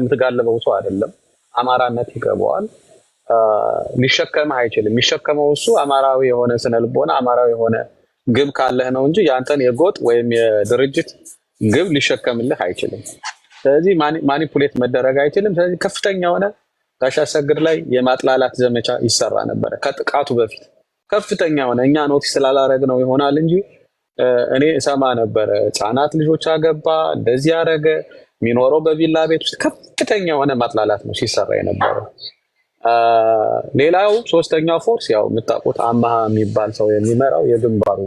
የምትጋልበው ሰው አይደለም። አማራነት ይገባዋል። ሊሸከም አይችልም። የሚሸከመው እሱ አማራዊ የሆነ ስነልቦና አማራዊ የሆነ ግብ ካለህ ነው እንጂ የአንተን የጎጥ ወይም የድርጅት ግብ ሊሸከምልህ አይችልም። ስለዚህ ማኒፑሌት መደረግ አይችልም። ስለዚህ ከፍተኛ የሆነ ጋሻ አሰግድ ላይ የማጥላላት ዘመቻ ይሰራ ነበረ። ከጥቃቱ በፊት ከፍተኛ የሆነ እኛ ኖቲስ ስላላረግ ነው ይሆናል እንጂ እኔ እሰማ ነበረ። ህፃናት ልጆች አገባ፣ እንደዚህ ያደረገ። የሚኖረው በቪላ ቤት ውስጥ ከፍተኛ የሆነ ማጥላላት ነው ሲሰራ የነበረው። ሌላው ሶስተኛው ፎርስ ያው የምታውቁት አማሃ የሚባል ሰው የሚመራው የግንባሩ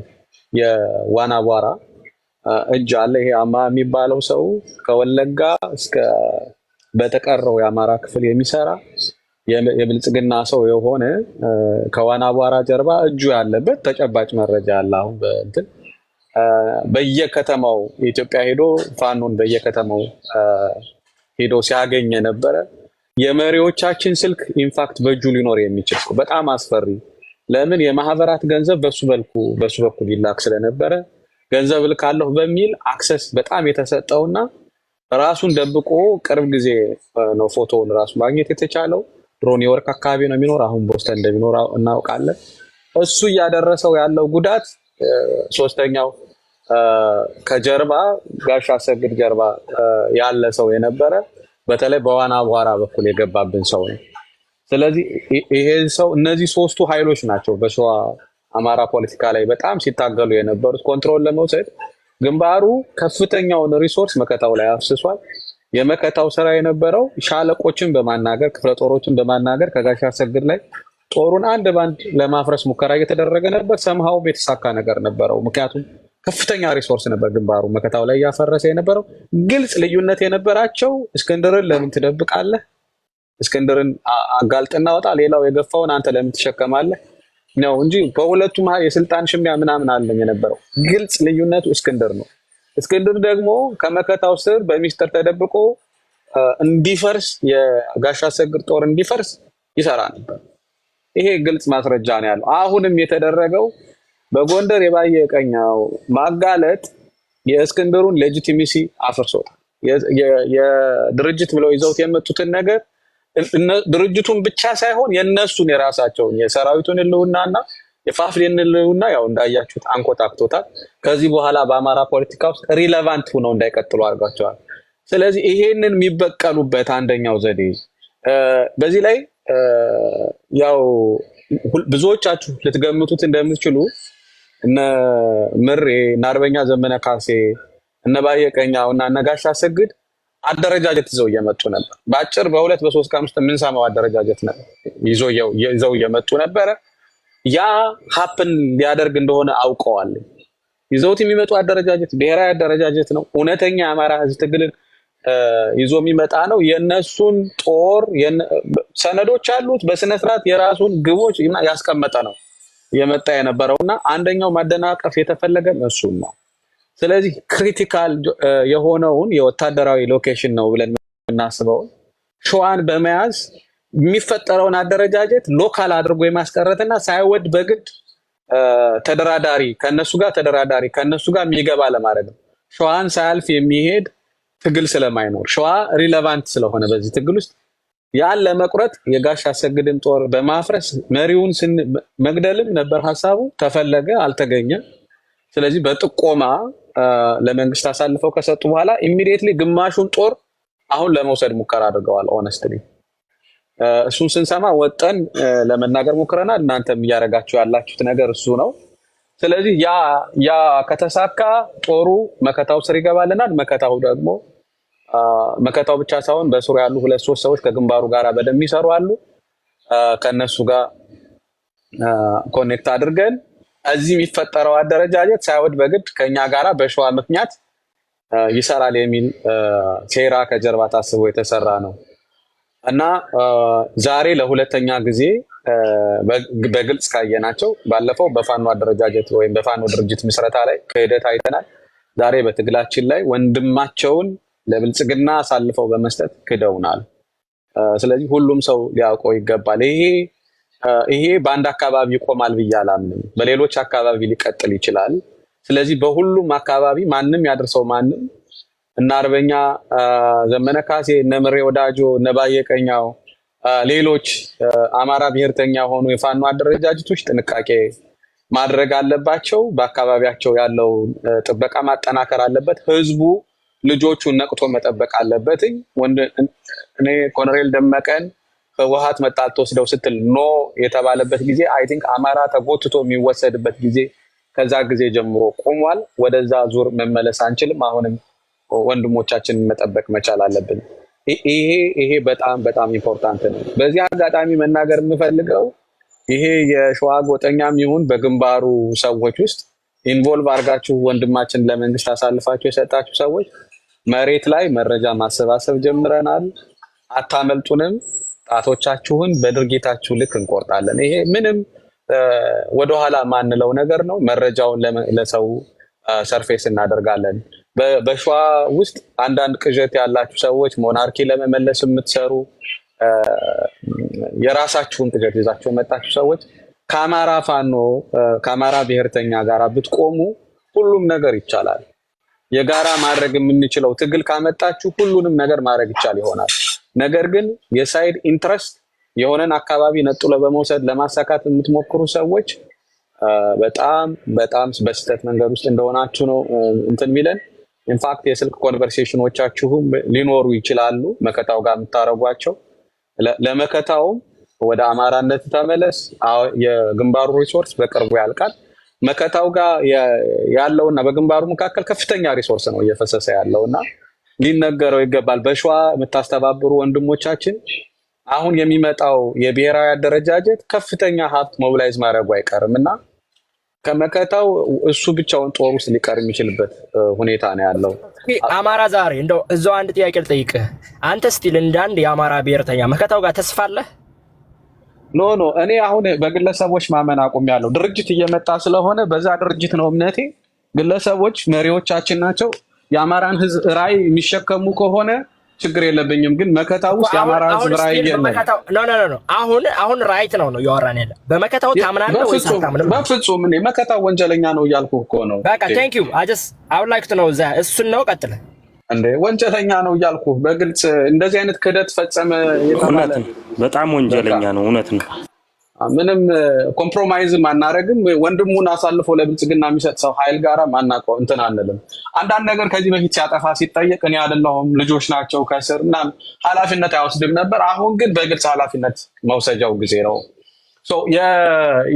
የዋና ቧራ እጅ አለ። ይሄ አማሃ የሚባለው ሰው ከወለጋ እስከ በተቀረው የአማራ ክፍል የሚሰራ የብልጽግና ሰው የሆነ ከዋና ቧራ ጀርባ እጁ ያለበት ተጨባጭ መረጃ አለ አሁን በእንትን በየከተማው የኢትዮጵያ ሄዶ ፋኖን በየከተማው ሄዶ ሲያገኝ የነበረ የመሪዎቻችን ስልክ ኢንፋክት በእጁ ሊኖር የሚችል በጣም አስፈሪ ለምን የማህበራት ገንዘብ በሱ በልኩ በሱ በኩል ይላክ ስለነበረ ገንዘብ ልካለሁ በሚል አክሰስ በጣም የተሰጠውና ራሱን ደብቆ ቅርብ ጊዜ ነው ፎቶውን ራሱ ማግኘት የተቻለው። ድሮ የወርክ አካባቢ ነው የሚኖር፣ አሁን ቦስተን እንደሚኖር እናውቃለን። እሱ እያደረሰው ያለው ጉዳት ሶስተኛው ከጀርባ ጋሻ አሰግድ ጀርባ ያለ ሰው የነበረ በተለይ በዋና አቧራ በኩል የገባብን ሰው ነው። ስለዚህ ይሄ ሰው እነዚህ ሶስቱ ኃይሎች ናቸው በሸዋ አማራ ፖለቲካ ላይ በጣም ሲታገሉ የነበሩት ኮንትሮል ለመውሰድ ግንባሩ ከፍተኛውን ሪሶርስ መከታው ላይ አፍስሷል። የመከታው ስራ የነበረው ሻለቆችን በማናገር ክፍለ ጦሮችን በማናገር ከጋሻ አሰግድ ላይ ጦሩን አንድ ባንድ ለማፍረስ ሙከራ እየተደረገ ነበር። ሰምሃው የተሳካ ነገር ነበረው። ምክንያቱም ከፍተኛ ሪሶርስ ነበር ግንባሩ መከታው ላይ እያፈረሰ የነበረው። ግልጽ ልዩነት የነበራቸው እስክንድርን ለምን ትደብቃለህ? እስክንድርን አጋልጥ እናወጣ፣ ሌላው የገፋውን አንተ ለምን ትሸከማለህ ነው እንጂ በሁለቱ መሀል የስልጣን ሽሚያ ምናምን አለም የነበረው። ግልጽ ልዩነቱ እስክንድር ነው። እስክንድር ደግሞ ከመከታው ስር በሚስጥር ተደብቆ እንዲፈርስ የጋሻ ሰግር ጦር እንዲፈርስ ይሰራ ነበር። ይሄ ግልጽ ማስረጃ ነው ያለው። አሁንም የተደረገው በጎንደር የባየ ቀኛው ማጋለጥ የእስክንድሩን ሌጂቲሚሲ አፍርሶታል። የድርጅት ብለው ይዘውት የመጡትን ነገር ድርጅቱን ብቻ ሳይሆን የእነሱን የራሳቸውን የሰራዊቱን ህልውናና የፋፍሌን ህልውና ያው እንዳያችሁት አንኮታክቶታል። ከዚህ በኋላ በአማራ ፖለቲካ ውስጥ ሪሌቫንት ሆነው እንዳይቀጥሉ አድርጓቸዋል። ስለዚህ ይሄንን የሚበቀሉበት አንደኛው ዘዴ በዚህ ላይ ያው ብዙዎቻችሁ ልትገምቱት እንደምትችሉ እነ ምሬ እነ አርበኛ ዘመነ ካሴ እነ ባየ ቀኛው እና እነ ጋሽ አደረጃጀት ይዘው እየመጡ ነበር። በአጭር በሁለት በሶስት ቀን ውስጥ የምንሰማው አደረጃጀት ይዘው እየመጡ ነበረ። ያ ሀፕን ሊያደርግ እንደሆነ አውቀዋል። ይዘውት የሚመጡ አደረጃጀት ብሔራዊ አደረጃጀት ነው። እውነተኛ የአማራ ህዝብ ትግልን ይዞ የሚመጣ ነው። የእነሱን ጦር ሰነዶች አሉት። በስነስርዓት የራሱን ግቦች ያስቀመጠ ነው። የመጣ የነበረው እና አንደኛው ማደናቀፍ የተፈለገ እሱም ነው። ስለዚህ ክሪቲካል የሆነውን የወታደራዊ ሎኬሽን ነው ብለን የምናስበውን ሸዋን በመያዝ የሚፈጠረውን አደረጃጀት ሎካል አድርጎ የማስቀረትና ሳይወድ በግድ ተደራዳሪ ከነሱ ጋር ተደራዳሪ ከነሱ ጋር የሚገባ ለማድረግ ነው። ሸዋን ሳያልፍ የሚሄድ ትግል ስለማይኖር ሸዋ ሪሌቫንት ስለሆነ በዚህ ትግል ውስጥ ያን ለመቁረጥ የጋሽ አሰግድን ጦር በማፍረስ መሪውን መግደልም ነበር ሀሳቡ። ተፈለገ፣ አልተገኘም። ስለዚህ በጥቆማ ለመንግስት አሳልፈው ከሰጡ በኋላ ኢሚዲየትሊ ግማሹን ጦር አሁን ለመውሰድ ሙከራ አድርገዋል። ኦነስትሊ እሱን ስንሰማ ወጠን ለመናገር ሞክረናል። እናንተም እያደረጋችሁ ያላችሁት ነገር እሱ ነው። ስለዚህ ያ ከተሳካ ጦሩ መከታው ስር ይገባልናል። መከታው ደግሞ መከታው ብቻ ሳይሆን በስሩ ያሉ ሁለት ሶስት ሰዎች ከግንባሩ ጋር በደንብ ይሰሩ አሉ። ከእነሱ ጋር ኮኔክት አድርገን እዚህ የሚፈጠረው አደረጃጀት ሳይወድ በግድ ከኛ ጋራ በሸዋ ምክንያት ይሰራል የሚል ሴራ ከጀርባ ታስቦ የተሰራ ነው እና ዛሬ ለሁለተኛ ጊዜ በግልጽ ካየናቸው፣ ባለፈው በፋኖ አደረጃጀት ወይም በፋኖ ድርጅት ምስረታ ላይ ክህደት አይተናል። ዛሬ በትግላችን ላይ ወንድማቸውን ለብልጽግና አሳልፈው በመስጠት ክደውናል። ስለዚህ ሁሉም ሰው ሊያውቀው ይገባል። ይሄ ይሄ በአንድ አካባቢ ይቆማል ብዬ አላምንም። በሌሎች አካባቢ ሊቀጥል ይችላል። ስለዚህ በሁሉም አካባቢ ማንም ያደርሰው ማንም እነ አርበኛ ዘመነ ካሴ፣ እነ ምሬ ወዳጆ፣ እነ ባየቀኛው፣ ሌሎች አማራ ብሔርተኛ ሆኑ የፋኖ አደረጃጀቶች ጥንቃቄ ማድረግ አለባቸው። በአካባቢያቸው ያለው ጥበቃ ማጠናከር አለበት። ህዝቡ ልጆቹን ነቅቶ መጠበቅ አለበት። እኔ ኮሎኔል ደመቀን ህወሀት መጣት ወስደው ስትል ኖ የተባለበት ጊዜ አይ ቲንክ አማራ ተጎትቶ የሚወሰድበት ጊዜ ከዛ ጊዜ ጀምሮ ቆሟል። ወደዛ ዙር መመለስ አንችልም። አሁንም ወንድሞቻችንን መጠበቅ መቻል አለብን። ይሄ ይሄ በጣም በጣም ኢምፖርታንት ነው። በዚህ አጋጣሚ መናገር የምፈልገው ይሄ የሸዋ ጎጠኛም ይሁን በግንባሩ ሰዎች ውስጥ ኢንቮልቭ አድርጋችሁ ወንድማችን ለመንግስት አሳልፋችሁ የሰጣችሁ ሰዎች መሬት ላይ መረጃ ማሰባሰብ ጀምረናል። አታመልጡንም። ጣቶቻችሁን በድርጊታችሁ ልክ እንቆርጣለን። ይሄ ምንም ወደኋላ ማንለው ነገር ነው። መረጃውን ለሰው ሰርፌስ እናደርጋለን። በሸዋ ውስጥ አንዳንድ ቅዠት ያላችሁ ሰዎች ሞናርኪ ለመመለስ የምትሰሩ የራሳችሁን ቅዠት ይዛችሁ መጣችሁ ሰዎች ከአማራ ፋኖ ከአማራ ብሔርተኛ ጋር ብትቆሙ ሁሉም ነገር ይቻላል። የጋራ ማድረግ የምንችለው ትግል ካመጣችሁ ሁሉንም ነገር ማድረግ ይቻል ይሆናል። ነገር ግን የሳይድ ኢንትረስት የሆነን አካባቢ ነጥሎ በመውሰድ ለማሳካት የምትሞክሩ ሰዎች በጣም በጣም በስህተት መንገድ ውስጥ እንደሆናችሁ ነው እንትን ሚለን። ኢንፋክት የስልክ ኮንቨርሴሽኖቻችሁም ሊኖሩ ይችላሉ መከታው ጋር የምታደርጓቸው። ለመከታውም ወደ አማራነት ተመለስ። የግንባሩ ሪሶርስ በቅርቡ ያልቃል። መከታው ጋር ያለውና በግንባሩ መካከል ከፍተኛ ሪሶርስ ነው እየፈሰሰ ያለው እና ሊነገረው ይገባል። በሸዋ የምታስተባብሩ ወንድሞቻችን አሁን የሚመጣው የብሔራዊ አደረጃጀት ከፍተኛ ሀብት ሞቢላይዝ ማድረጉ አይቀርም እና ከመከታው እሱ ብቻውን ጦር ውስጥ ሊቀር የሚችልበት ሁኔታ ነው ያለው። አማራ ዛሬ እንደው እዛው አንድ ጥያቄ ልጠይቅህ። አንተ ስቲል እንደ አንድ የአማራ ብሔርተኛ መከታው ጋር ተስፋ አለህ? ኖ ኖ እኔ አሁን በግለሰቦች ማመን አቁም ያለው ድርጅት እየመጣ ስለሆነ በዛ ድርጅት ነው እምነቴ። ግለሰቦች መሪዎቻችን ናቸው። የአማራን ህዝብ ራዕይ የሚሸከሙ ከሆነ ችግር የለብኝም። ግን መከታ ውስጥ የአማራ ህዝብ ራዕይ የለም። አሁን አሁን ራይት ነው ነው ያወራን ያለ በመከታው ታምናለህ ወይስ አታምንም? በፍጹም እኔ መከታው ወንጀለኛ ነው እያልኩ እኮ ነው። በቃ ቴንክ ዩ አይ ጀስት ላይክ ቱ ኖ እሱን ነው ቀጥለ እንደ ወንጀለኛ ነው እያልኩ በግልጽ እንደዚህ አይነት ክህደት ፈጸመ። በጣም ወንጀለኛ ነው፣ እውነት ነው። ምንም ኮምፕሮማይዝም አናደርግም። ወንድሙን አሳልፎ ለብልጽግና የሚሰጥ ሰው ኃይል ጋር ማናቀው እንትን አንልም። አንዳንድ ነገር ከዚህ በፊት ሲያጠፋ ሲጠየቅ እኔ አይደለሁም ልጆች ናቸው ከስር ምናምን ኃላፊነት አይወስድም ነበር። አሁን ግን በግልጽ ኃላፊነት መውሰጃው ጊዜ ነው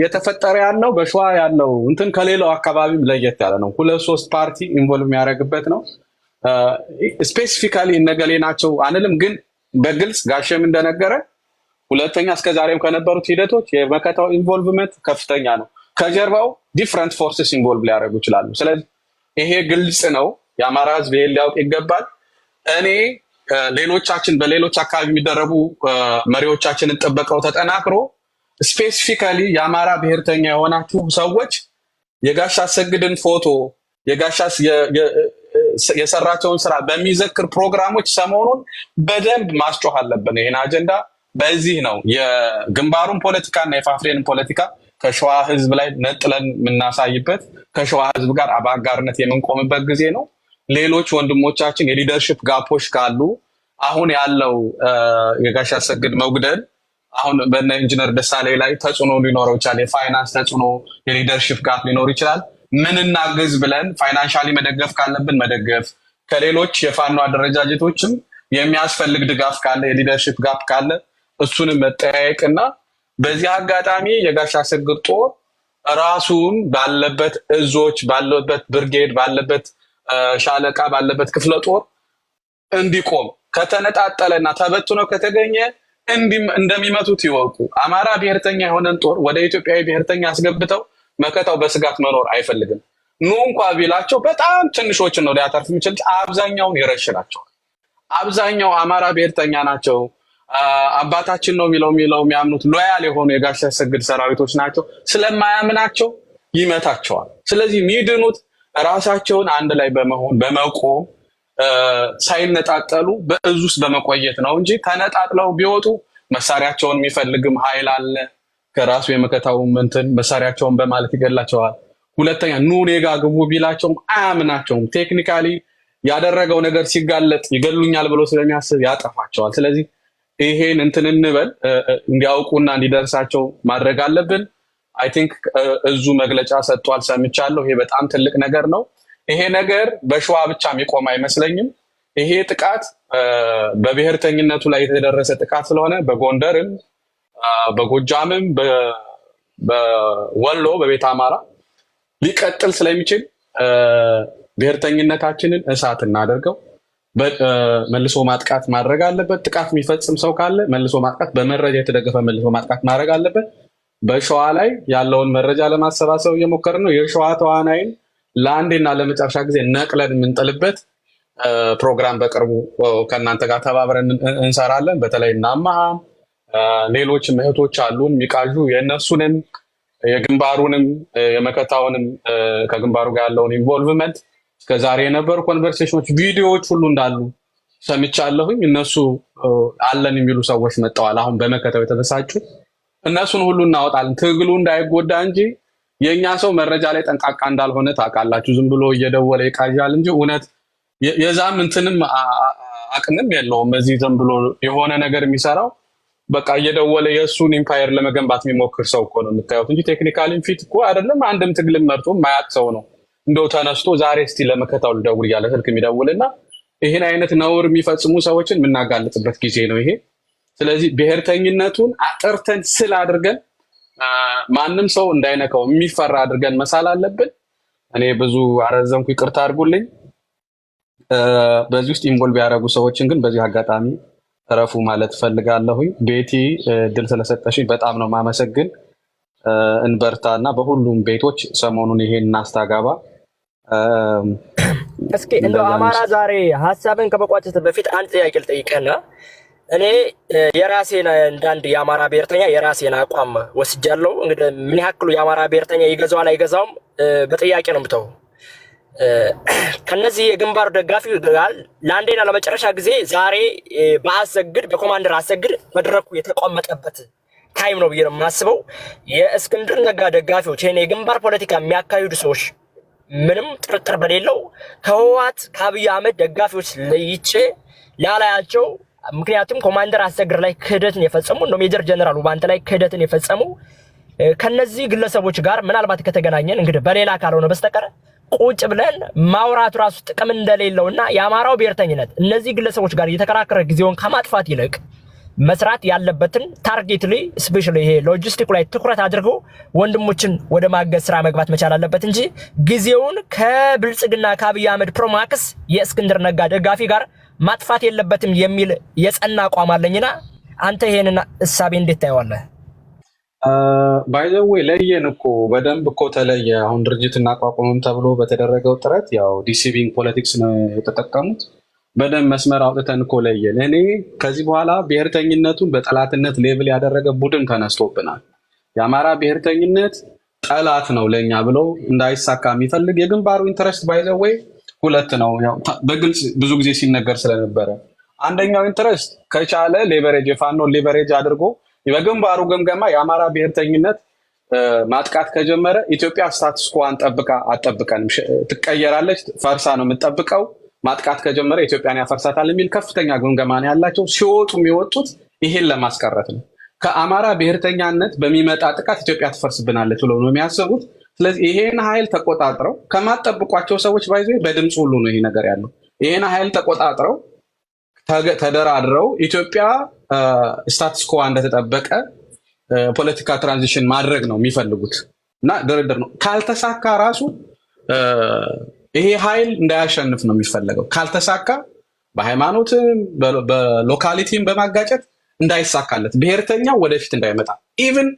የተፈጠረ ያለው በሸዋ ያለው እንትን ከሌላው አካባቢም ለየት ያለ ነው። ሁለት ሶስት ፓርቲ ኢንቮልቭ የሚያደርግበት ነው። ስፔሲፊካሊ እነገሌ ናቸው አንልም፣ ግን በግልጽ ጋሸም እንደነገረ ሁለተኛ እስከዛሬም ከነበሩት ሂደቶች የመከታው ኢንቮልቭመንት ከፍተኛ ነው። ከጀርባው ዲፍረንት ፎርስስ ኢንቮልቭ ሊያደርጉ ይችላሉ። ስለዚህ ይሄ ግልጽ ነው። የአማራ ህዝብ ይሄን ሊያውቅ ይገባል። እኔ ሌሎቻችን በሌሎች አካባቢ የሚደረጉ መሪዎቻችንን ጥበቃው ተጠናክሮ ስፔሲፊካሊ የአማራ ብሔርተኛ የሆናችሁ ሰዎች የጋሻ ሰግድን ፎቶ የሰራቸውን ስራ በሚዘክር ፕሮግራሞች ሰሞኑን በደንብ ማስጮህ አለብን። ይህን አጀንዳ በዚህ ነው የግንባሩን ፖለቲካ እና የፋፍሬንን ፖለቲካ ከሸዋ ህዝብ ላይ ነጥለን የምናሳይበት ከሸዋ ህዝብ ጋር በአጋርነት የምንቆምበት ጊዜ ነው። ሌሎች ወንድሞቻችን የሊደርሽፕ ጋፖች ካሉ አሁን ያለው የጋሽ አሰግድ መጉደል አሁን በነ ኢንጂነር ደሳሌ ላይ ተጽዕኖ ሊኖረው ይችላል። የፋይናንስ ተጽዕኖ፣ የሊደርሽፕ ጋፕ ሊኖር ይችላል። ምን እናግዝ ብለን ፋይናንሻሊ መደገፍ ካለብን መደገፍ፣ ከሌሎች የፋኖ አደረጃጀቶችም የሚያስፈልግ ድጋፍ ካለ የሊደርሽፕ ጋፕ ካለ እሱንም መጠያየቅ እና በዚህ አጋጣሚ የጋሻ ስግር ጦር ራሱን ባለበት እዞች ባለበት ብርጌድ ባለበት ሻለቃ ባለበት ክፍለ ጦር እንዲቆም ከተነጣጠለና ተበትኖ ከተገኘ እንደሚመቱት ይወቁ። አማራ ብሔርተኛ የሆነን ጦር ወደ ኢትዮጵያዊ ብሔርተኛ አስገብተው መከታው በስጋት መኖር አይፈልግም። ኑ እንኳ ቢላቸው በጣም ትንሾችን ነው ሊያተርፍ የሚችል፣ አብዛኛውን ይረሽናቸዋል። አብዛኛው አማራ ብሔርተኛ ናቸው። አባታችን ነው የሚለው የሚለው የሚያምኑት ሎያል የሆኑ የጋሻ ያሰግድ ሰራዊቶች ናቸው። ስለማያምናቸው ይመታቸዋል። ስለዚህ የሚድኑት ራሳቸውን አንድ ላይ በመሆን በመቆም ሳይነጣጠሉ በእዙ ውስጥ በመቆየት ነው እንጂ ተነጣጥለው ቢወጡ መሳሪያቸውን የሚፈልግም ኃይል አለ። ከራሱ የመከታው እንትን መሳሪያቸውን በማለት ይገላቸዋል። ሁለተኛ ኑ ኔጋ ግቡ ቢላቸውም አያምናቸውም። ቴክኒካሊ ያደረገው ነገር ሲጋለጥ ይገሉኛል ብሎ ስለሚያስብ ያጠፋቸዋል። ስለዚህ ይሄን እንትን እንበል እንዲያውቁና እንዲደርሳቸው ማድረግ አለብን። አይ ቲንክ እዙ መግለጫ ሰጥቷል፣ ሰምቻለሁ። ይሄ በጣም ትልቅ ነገር ነው። ይሄ ነገር በሸዋ ብቻ የሚቆም አይመስለኝም። ይሄ ጥቃት በብሔርተኝነቱ ላይ የተደረሰ ጥቃት ስለሆነ በጎንደርም በጎጃምም በወሎ በቤት አማራ ሊቀጥል ስለሚችል ብሔርተኝነታችንን እሳት እናደርገው። መልሶ ማጥቃት ማድረግ አለበት። ጥቃት የሚፈጽም ሰው ካለ መልሶ ማጥቃት በመረጃ የተደገፈ መልሶ ማጥቃት ማድረግ አለበት። በሸዋ ላይ ያለውን መረጃ ለማሰባሰብ እየሞከርን ነው። የሸዋ ተዋናይን ለአንዴና ለመጨረሻ ጊዜ ነቅለን የምንጥልበት ፕሮግራም በቅርቡ ከእናንተ ጋር ተባብረን እንሰራለን። በተለይ እናመሃም ሌሎችም እህቶች አሉን የሚቃዡ የእነሱንም የግንባሩንም የመከታውንም ከግንባሩ ጋር ያለውን ኢንቮልቭመንት እስከዛሬ የነበሩ ኮንቨርሴሽኖች ቪዲዮዎች ሁሉ እንዳሉ ሰምቻለሁኝ። እነሱ አለን የሚሉ ሰዎች መጠዋል። አሁን በመከታው የተበሳጩ እነሱን ሁሉ እናወጣለን፣ ትግሉ እንዳይጎዳ እንጂ የእኛ ሰው መረጃ ላይ ጠንቃቃ እንዳልሆነ ታውቃላችሁ። ዝም ብሎ እየደወለ ይቃዣል እንጂ እውነት የዛም እንትንም አቅምም የለውም። እዚህ ዝም ብሎ የሆነ ነገር የሚሰራው በቃ እየደወለ የእሱን ኢምፓየር ለመገንባት የሚሞክር ሰው እኮ ነው የምታዩት እንጂ ቴክኒካሊም ፊት እኮ አይደለም። አንድም ትግልም መርቶ ማያት ሰው ነው። እንደው ተነስቶ ዛሬ እስቲ ለመከታው ልደውል እያለ ስልክ የሚደውልና ይህን አይነት ነውር የሚፈጽሙ ሰዎችን የምናጋልጥበት ጊዜ ነው ይሄ። ስለዚህ ብሔርተኝነቱን አጥርተን ስል አድርገን ማንም ሰው እንዳይነካው የሚፈራ አድርገን መሳል አለብን። እኔ ብዙ አረዘምኩ፣ ይቅርታ አድርጉልኝ። በዚህ ውስጥ ኢንቮልቭ ያደረጉ ሰዎችን ግን በዚህ አጋጣሚ እረፉ ማለት ፈልጋለሁኝ። ቤቲ ድል ስለሰጠሽኝ በጣም ነው ማመሰግን። እንበርታ እና በሁሉም ቤቶች ሰሞኑን ይሄን እናስታጋባ። እስኪ እንደ አማራ ዛሬ ሀሳብን ከመቋጨት በፊት አንድ ጥያቄ ልጠይቅህና እኔ የራሴን እንዳንድ የአማራ ብሔርተኛ የራሴን አቋም ወስጃለሁ። እንግዲህ ምን ያክሉ የአማራ ብሔርተኛ ይገዛዋል አይገዛውም በጥያቄ ነው ምተው ከነዚህ የግንባር ደጋፊ ጋር ለአንዴና ለመጨረሻ ጊዜ ዛሬ በአሰግድ በኮማንደር አሰግድ መድረኩ የተቆመጠበት ታይም ነው ብዬ ነው የማስበው። የእስክንድር ነጋ ደጋፊዎች ይህን የግንባር ፖለቲካ የሚያካሂዱ ሰዎች ምንም ጥርጥር በሌለው ከህወሓት ከአብይ አህመድ ደጋፊዎች ለይቼ ላላያቸው ምክንያቱም ኮማንደር አሰግድ ላይ ክህደትን የፈጸሙ እንደ ሜጀር ጀነራል ውባንተ ላይ ክህደትን የፈጸሙ ከነዚህ ግለሰቦች ጋር ምናልባት ከተገናኘን እንግዲህ በሌላ ካልሆነ በስተቀር ቁጭ ብለን ማውራቱ ራሱ ጥቅም እንደሌለው እና የአማራው ብሔርተኝነት እነዚህ ግለሰቦች ጋር እየተከራከረ ጊዜውን ከማጥፋት ይልቅ መስራት ያለበትን ታርጌት ላይ ስፔሻሊ ይሄ ሎጂስቲክ ላይ ትኩረት አድርጎ ወንድሞችን ወደ ማገዝ ስራ መግባት መቻል አለበት እንጂ ጊዜውን ከብልጽግና ከአብይ አህመድ ፕሮማክስ የእስክንድር ነጋ ደጋፊ ጋር ማጥፋት የለበትም የሚል የጸና አቋም አለኝና አንተ ይሄንን እሳቤ እንዴት ታየዋለህ? ባይዘዌ ለየን እኮ በደንብ እኮ ተለየ። አሁን ድርጅት እናቋቁምም ተብሎ በተደረገው ጥረት ያው ዲሲቪንግ ፖለቲክስ ነው የተጠቀሙት። በደንብ መስመር አውጥተን እኮ ለየን። እኔ ከዚህ በኋላ ብሔርተኝነቱን በጠላትነት ሌብል ያደረገ ቡድን ተነስቶብናል። የአማራ ብሔርተኝነት ጠላት ነው ለእኛ ብሎ እንዳይሳካ የሚፈልግ የግንባሩ ኢንተረስት ባይዘዌ ሁለት ነው። በግልጽ ብዙ ጊዜ ሲነገር ስለነበረ አንደኛው ኢንትረስት ከቻለ ሌቨሬጅ የፋኖ ሌቨሬጅ አድርጎ በግንባሩ ግምገማ የአማራ ብሔርተኝነት ማጥቃት ከጀመረ ኢትዮጵያ ስታትስ ኳን ጠብቃ አጠብቀንም ትቀየራለች፣ ፈርሳ ነው የምጠብቀው። ማጥቃት ከጀመረ ኢትዮጵያን ያፈርሳታል የሚል ከፍተኛ ግምገማ ነው ያላቸው። ሲወጡ የሚወጡት ይሄን ለማስቀረት ነው። ከአማራ ብሔርተኛነት በሚመጣ ጥቃት ኢትዮጵያ ትፈርስብናለች ብለው ነው የሚያስቡት። ስለዚህ ይሄን ኃይል ተቆጣጥረው ከማጠብቋቸው ሰዎች ባይዞ በድምፅ ሁሉ ነው ይሄ ነገር ያለው። ይሄን ኃይል ተቆጣጥረው ተደራድረው ኢትዮጵያ ኮ uh, እንደተጠበቀ ፖለቲካ uh, ትራንዚሽን ማድረግ ነው የሚፈልጉት እና ድርድር ነው። ካልተሳካ ራሱ uh, ይሄ ኃይል እንዳያሸንፍ ነው የሚፈለገው። ካልተሳካ በሃይማኖትም በሎካሊቲም በማጋጨት እንዳይሳካለት ብሔርተኛው ወደፊት እንዳይመጣ ኢቭን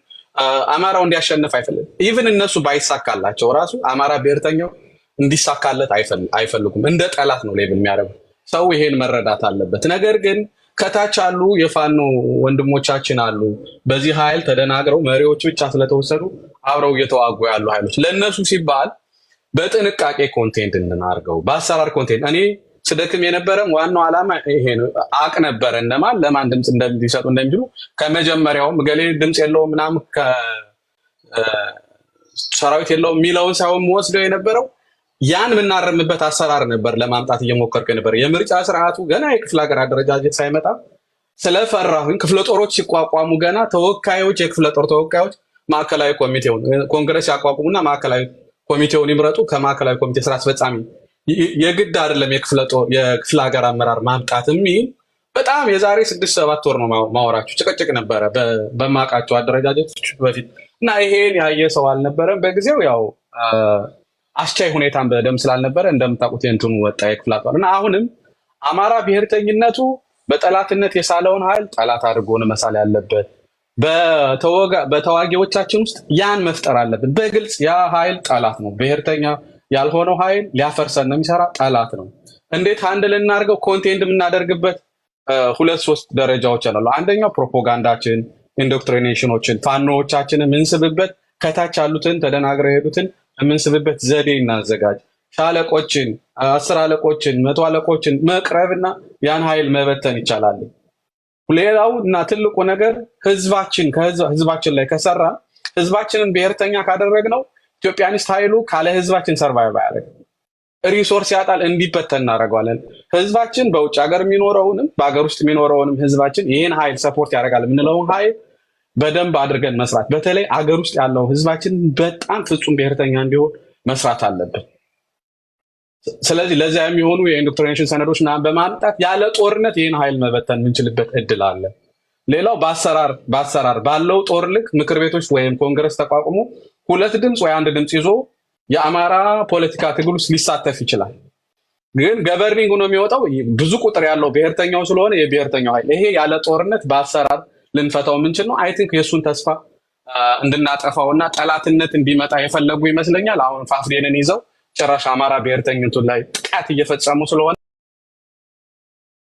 አማራው እንዲያሸንፍ አይፈልግም። ኢቭን እነሱ ባይሳካላቸው ራሱ አማራ ብሔርተኛው እንዲሳካለት አይፈልጉም። እንደ ጠላት ነው ሌብል የሚያደርጉ ሰው ይሄን መረዳት አለበት። ነገር ግን ከታች አሉ የፋኖ ወንድሞቻችን አሉ። በዚህ ኃይል ተደናግረው መሪዎች ብቻ ስለተወሰዱ አብረው እየተዋጉ ያሉ ኃይሎች ለእነሱ ሲባል በጥንቃቄ ኮንቴንት እንድናርገው በአሰራር ኮንቴንት እኔ ስደክም የነበረም ዋናው ዓላማ ይሄ ነው። አቅ ነበረ እንደማን ለማን ድምፅ እንደሚሰጡ እንደሚችሉ ከመጀመሪያውም ገሌ ድምፅ የለውም ምናምን ሰራዊት የለውም የሚለውን ሳይሆን ወስደው የነበረው ያን የምናረምበት አሰራር ነበር ለማምጣት እየሞከርክ ነበር። የምርጫ ስርዓቱ ገና የክፍለ ሀገር አደረጃጀት ሳይመጣ ስለፈራሁኝ ክፍለ ጦሮች ሲቋቋሙ ገና ተወካዮች የክፍለ ጦር ተወካዮች ማዕከላዊ ኮሚቴውን ኮንግረስ ያቋቁሙና ማዕከላዊ ኮሚቴውን ይምረጡ። ከማዕከላዊ ኮሚቴ ስራ አስፈጻሚ የግድ አይደለም የክፍለ ሀገር አመራር ማምጣት የሚል በጣም የዛሬ ስድስት ሰባት ወር ነው ማወራችሁ። ጭቅጭቅ ነበረ በማውቃቸው አደረጃጀቶች በፊት እና ይሄን ያየ ሰው አልነበረም በጊዜው ያው አስቻይ ሁኔታን በደም ስላልነበረ እንደምታውቁት የእንትኑ ወጣ የክፍላት እና አሁንም አማራ ብሔርተኝነቱ በጠላትነት የሳለውን ኃይል ጠላት አድርጎን መሳል ያለበት በተዋጊዎቻችን ውስጥ ያን መፍጠር አለብን። በግልጽ ያ ኃይል ጠላት ነው። ብሔርተኛ ያልሆነው ኃይል ሊያፈርሰን ነው የሚሰራ ጠላት ነው። እንዴት አንድ ልናደርገው ኮንቴንት የምናደርግበት ሁለት ሶስት ደረጃዎች አሉ። አንደኛው ፕሮፓጋንዳችን ኢንዶክትሪኔሽኖችን ፋኖዎቻችንን የምንስብበት ከታች ያሉትን ተደናግረው የሄዱትን የምንስብበት ዘዴ እናዘጋጅ። ሻለቆችን፣ አስር አለቆችን፣ መቶ አለቆችን መቅረብና ያን ኃይል መበተን ይቻላል። ሌላው እና ትልቁ ነገር ህዝባችን ህዝባችን ላይ ከሰራ ህዝባችንን ብሔርተኛ ነው ኢትዮጵያኒስት ኃይሉ ካለ ህዝባችን ሰርቫይቭ አያደርግም። ሪሶርስ ያጣል፣ እንዲበተን እናደርገዋለን። ህዝባችን በውጭ ሀገር የሚኖረውንም በሀገር ውስጥ የሚኖረውንም ህዝባችን ይህን ኃይል ሰፖርት ያደርጋል የምንለውን ኃይል በደንብ አድርገን መስራት፣ በተለይ አገር ውስጥ ያለው ህዝባችን በጣም ፍጹም ብሔርተኛ እንዲሆን መስራት አለብን። ስለዚህ ለዚያ የሚሆኑ የኢንዶክትሪኔሽን ሰነዶች ና በማምጣት ያለ ጦርነት ይህን ኃይል መበተን የምንችልበት እድል አለ። ሌላው በአሰራር ባለው ጦር ልክ ምክር ቤቶች ወይም ኮንግረስ ተቋቁሞ ሁለት ድምፅ ወይ አንድ ድምፅ ይዞ የአማራ ፖለቲካ ትግል ውስጥ ሊሳተፍ ይችላል። ግን ገቨርኒንግ ነው የሚወጣው ብዙ ቁጥር ያለው ብሔርተኛው ስለሆነ የብሔርተኛው ኃይል ይሄ ያለ ጦርነት በአሰራር ልንፈታው የምንችል ነው። አይ ቲንክ የእሱን ተስፋ እንድናጠፋው እና ጠላትነት እንዲመጣ የፈለጉ ይመስለኛል። አሁን ፋፍሬንን ይዘው ጭራሽ አማራ ብሔርተኝነቱ ላይ ጥቃት እየፈጸሙ ስለሆነ